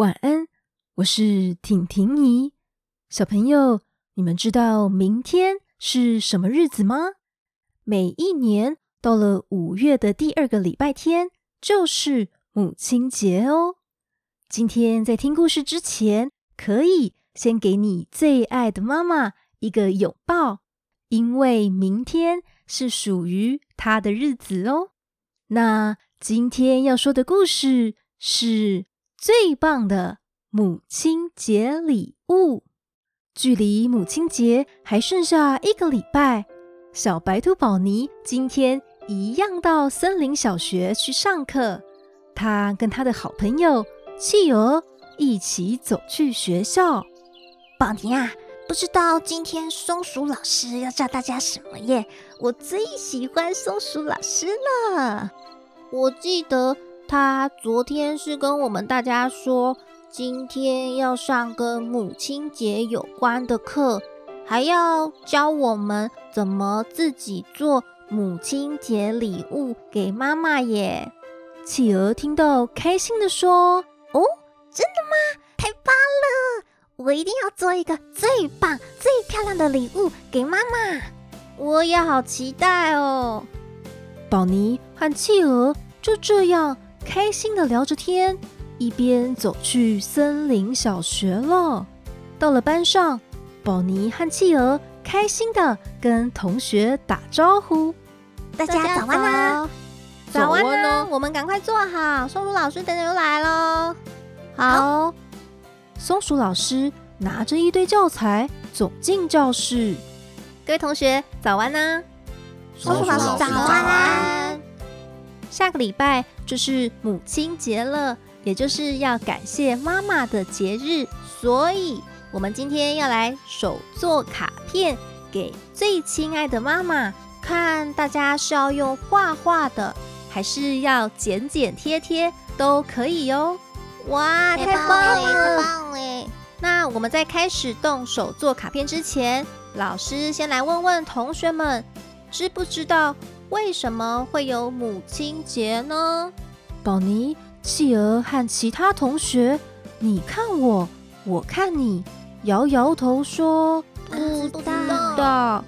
晚安，我是婷婷姨。小朋友。你們知道明天是什麼日子嗎？每一年到了五月的第二個禮拜天，就是母親節哦。今天在聽故事之前，可以先給你最愛的媽媽一個擁抱，因為明天是屬於她的日子哦。那今天要說的故事是。最棒的母親節禮物，距離母親節還剩下一個禮拜。小白兔寶妮今天一樣到森林小學去上課，她跟她的好朋友企鵝一起走去學校。寶妮啊，不知道今天松鼠老師要教大家什麼耶？我最喜歡松鼠老師了。 我記得。他昨天是跟我們大家說，今天要上跟母親節有關的課，還要教我們怎麼自己做母親節禮物給媽媽耶。企鵝聽到開心地說：“哦，真的嗎？太棒了！我一定要做一個最棒、最漂亮的禮物給媽媽。”我也好期待哦。寶妮和企鵝就這樣。開心的聊着天，一邊走去森林小學了。到了班上，寶妮和企鵝開心的跟同學打招呼：“大家早安啊，早安啊！”我們趕快坐好，松鼠老師等等又來嘍。好，松鼠老師拿着一堆教材走進教室。各位同學早安啊，松鼠老師早安啊。下個禮拜就是母親節了，也就是要感謝媽媽的節日，所以我們今天要來手做卡片給最親愛的媽媽看。大家是要用畫畫的，還是要剪剪貼貼，都可以喲、哦。哇，太棒了，太棒了，太棒了！那我們在開始動手做卡片之前，老師先來問問同學們，知不知道？為什麼會有母親節呢？寶妮、企鵝和其他同學，你看我，我看你，搖搖頭說不：“不、嗯，不知道。”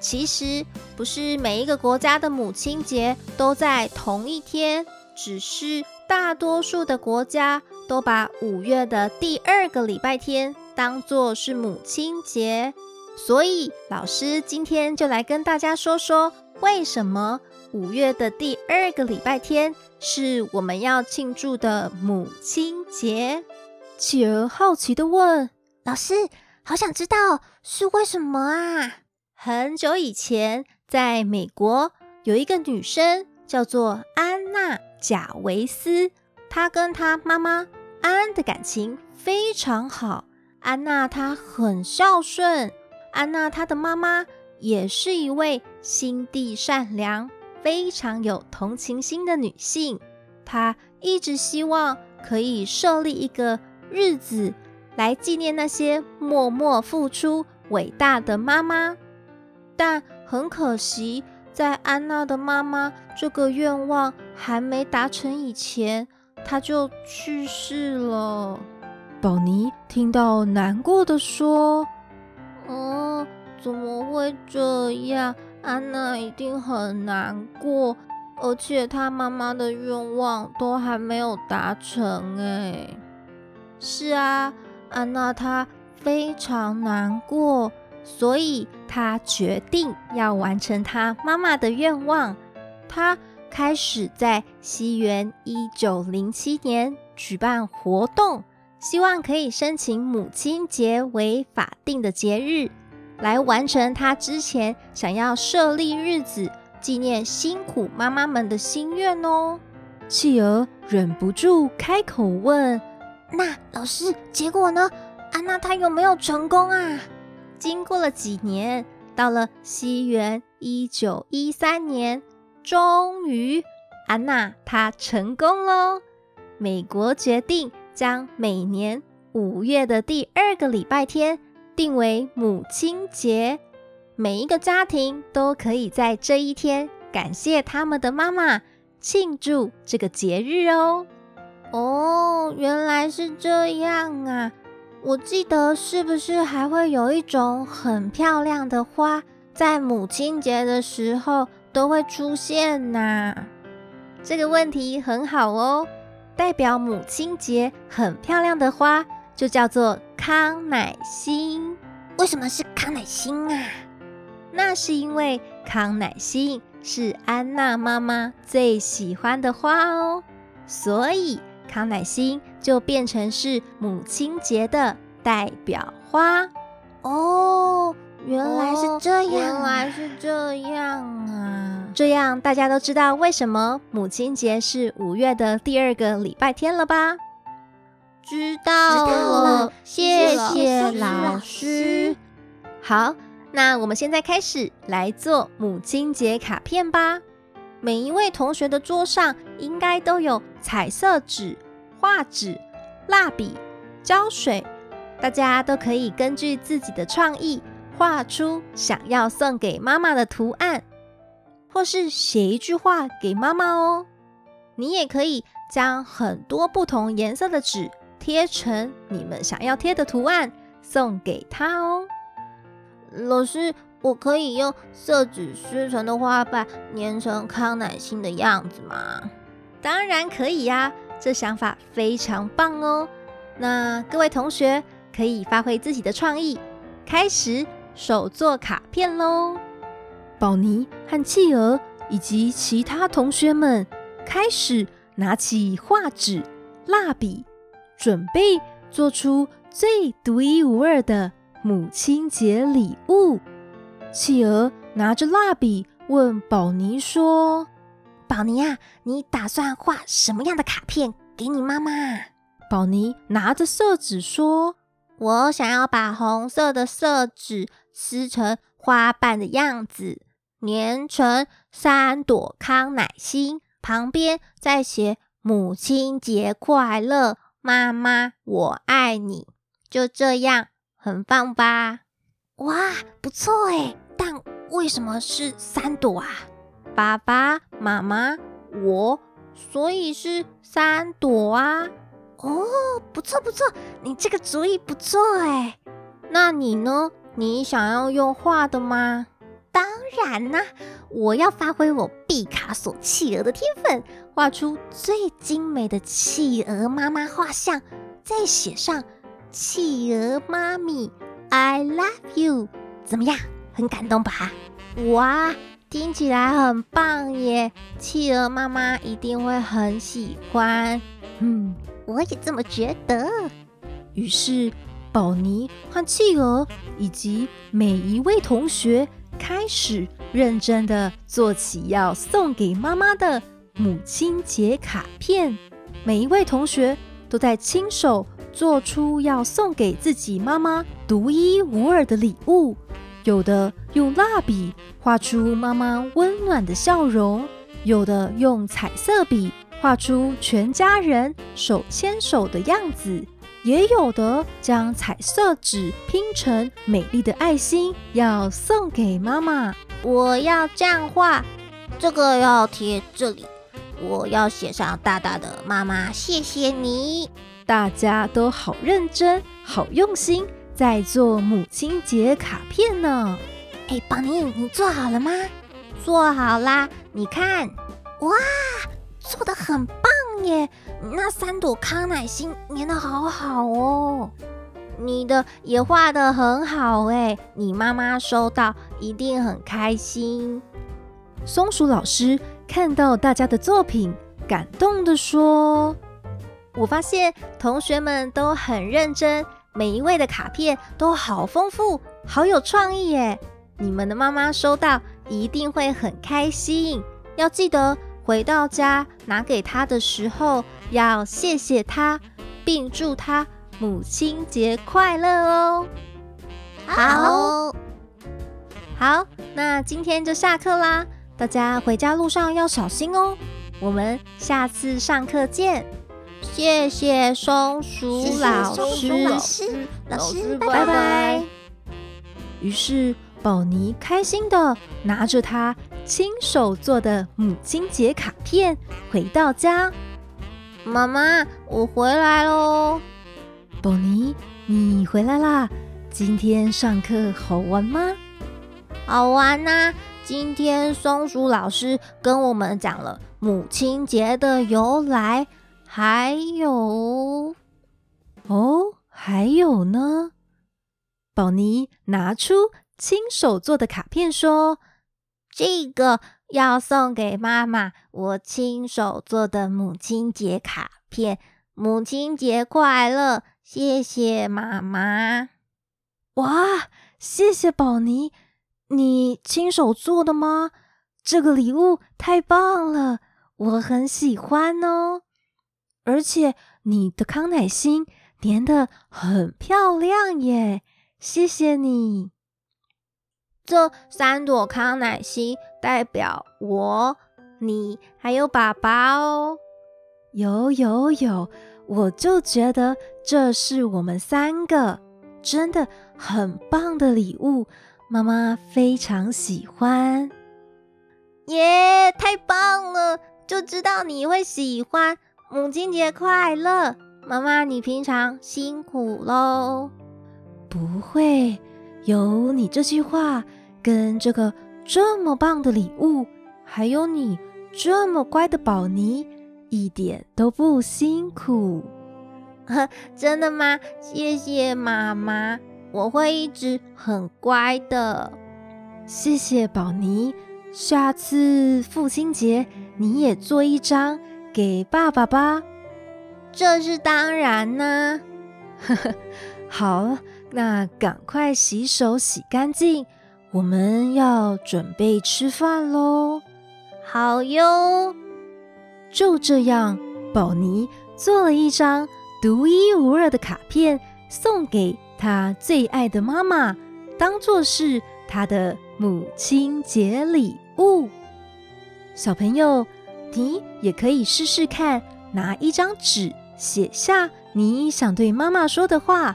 其實，不是每一個國家的母親節都在同一天，只是大多數的國家都把五月的第二個禮拜天當作是母親節。所以老師今天就來跟大家說說，為什麼五月的第二個禮拜天是我們要慶祝的母親節？企鵝好奇地問：“老師，好想知道是為什麼啊？”很久以前，在美國有一個女生叫做安娜賈維斯，她跟她媽媽安安的感情非常好。安娜她很孝順。安娜她的媽媽也是一位心地善良、非常有同情心的女性，她一直希望可以設立一個日子來紀念那些默默付出偉大的媽媽。但很可惜，在安娜的媽媽這個願望還沒達成以前，她就去世了。寶妮聽到難過的說：“嗯怎麼會這樣？安娜一定很難過，而且她媽媽的願望都還沒有達成。誒，是啊，安娜她非常難過，所以她決定要完成她媽媽的願望。她開始在西元一九零七年舉辦活動，希望可以申請母親節為法定的節日。來完成他之前想要設立日子紀念辛苦媽媽們的心願哦。企鵝忍不住開口問：“那老師，結果呢？安娜她有沒有成功啊？”經過了幾年，到了西元一九一三年，終於安娜她成功嘍。美國決定將每年五月的第二個禮拜天，定為母親節，每一個家庭都可以在這一天感謝他們的媽媽，慶祝這個節日哦。哦，原來是這樣啊！我記得是不是還會有一種很漂亮的花，在母親節的時候都會出現呢？這個問題很好哦，代表母親節很漂亮的花。就叫做康乃馨，為什麼是康乃馨啊？那是因為康乃馨是安娜媽媽最喜歡的花哦，所以康乃馨就變成是母親節的代表花哦。原來是這樣啊。哦，原來是這樣啊！這樣大家都知道為什麼母親節是五月的第二個禮拜天了吧？知道了，謝謝老師。知道了，謝謝老師。好，那我們現在開始來做母親節卡片吧。每一位同學的桌上應該都有彩色紙、畫紙、蠟筆、膠水，大家都可以根據自己的創意畫出想要送給媽媽的圖案，或是寫一句話給媽媽哦。你也可以將很多不同顏色的紙貼成你們想要貼的圖案，送給他哦。老師，我可以用色紙撕成的花瓣粘成康乃馨的樣子嗎？當然可以呀、啊，這想法非常棒哦。那各位同學可以發揮自己的創意，開始手做卡片嘍。寶妮和企鵝以及其他同學們開始拿起畫紙、蠟筆。準備做出最獨一無二的母親節禮物。企鵝拿着蠟筆問寶妮說：“寶妮啊，你打算畫什麼樣的卡片給你媽媽？”寶妮拿着色紙說：“我想要把紅色的色紙撕成花瓣的樣子，粘成三朵康乃馨，旁邊再寫‘母親節快樂’。”媽媽，我愛你，就這樣，很棒吧？哇，不錯哎，但為什麼是三朵啊？爸爸媽媽，我，所以是三朵啊？哦，不錯不錯，你這個主意不錯哎。那你呢？你想要用畫的嗎？當然啦、啊！我要發揮我畢卡索企鵝的天分，畫出最精美的企鵝媽媽畫像，再寫上“企鵝媽咪，I love you”，怎麼樣？很感動吧？哇，聽起來很棒耶！企鵝媽媽一定會很喜歡。嗯，我也這麼覺得。於是，寶妮和企鵝以及每一位同學。開始認真地做起要送給媽媽的母親節卡片。每一位同學都在親手做出要送給自己媽媽獨一無二的禮物。有的用蠟筆畫出媽媽溫暖的笑容，有的用彩色筆畫出全家人手牽手的樣子。也有的將彩色紙拼成美麗的愛心，要送給媽媽。我要這樣畫，這個要貼這裡。我要寫上大大的“媽媽，謝謝你”。大家都好認真，好用心，在做母親節卡片呢。哎，寶妮，你做好了嗎？做好啦！你看，哇，做得很棒。耶，那三朵康乃馨粘得好好哦，你的也畫得很好耶，你媽媽收到一定很開心。松鼠老師看到大家的作品，感動地說：“我發現同學們都很認真，每一位的卡片都好豐富，好有創意耶！你們的媽媽收到一定會很開心，要記得。”回到家拿給他的時候，要謝謝他，並祝他母親節快樂哦。好，好，好，那今天就下課啦，大家回家路上要小心哦。我們下次上課見。謝謝松鼠老師。謝謝松鼠老師。老師，拜拜。於是，寶妮開心的拿着它。親手做的母親節卡片，回到家，媽媽，我回來嘍、哦。寶妮，你回來啦？今天上課好玩嗎？好玩吶、啊！今天松鼠老師跟我們講了母親節的由來，還有……哦，還有呢。寶妮拿出親手做的卡片，說。這個要送給媽媽，我親手做的母親節卡片。母親節快樂，謝謝媽媽！哇，謝謝寶妮，你親手做的嗎？這個禮物太棒了，我很喜歡哦。而且你的康乃馨粘的很漂亮耶，謝謝你。這三朵康乃馨代表我、你還有爸爸哦。有有有，我就覺得這是我們三個真的很棒的禮物，媽媽非常喜歡。耶，太棒了！就知道你會喜歡。母親節快樂，媽媽，你平常辛苦嘍。不會。有你這句話，跟這個這麼棒的禮物，還有你這麼乖的寶妮，一點都不辛苦。呵，真的嗎？謝謝媽媽，我會一直很乖的。謝謝寶妮，下次父親節你也做一張給爸爸吧。這是當然呢、啊。 好。那趕快洗手洗乾淨，我們要準備吃飯嘍。好喲，就這樣，寶妮做了一張獨一無二的卡片，送給她最愛的媽媽，當作是她的母親節禮物。小朋友，你也可以試試看，拿一張紙寫下你想對媽媽說的話。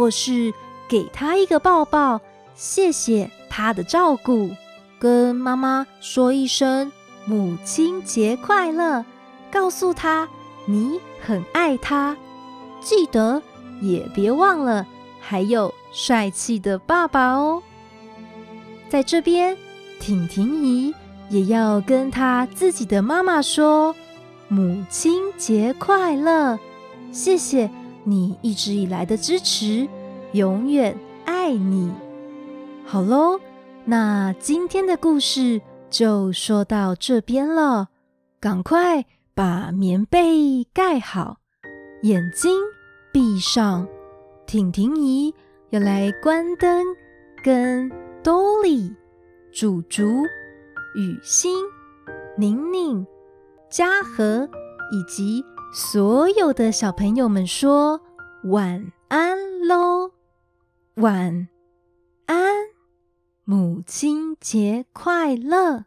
或是給他一個抱抱，謝謝他的照顧，跟媽媽說一聲母親節快樂，告訴他你很愛他。記得也別忘了還有帥氣的爸爸哦。在這邊，婷婷姨也要跟她自己的媽媽說母親節快樂，謝謝。你一直以來的支持，永遠愛你。好嘍，那今天的故事就說到這邊了。趕快把棉被蓋好，眼睛閉上，婷婷姨要來關燈，跟 Dolly、竹竹、羽昕、寧寧、迦禾以及。所有的小朋友們說：“晚安嘍，晚安，母親節快樂。”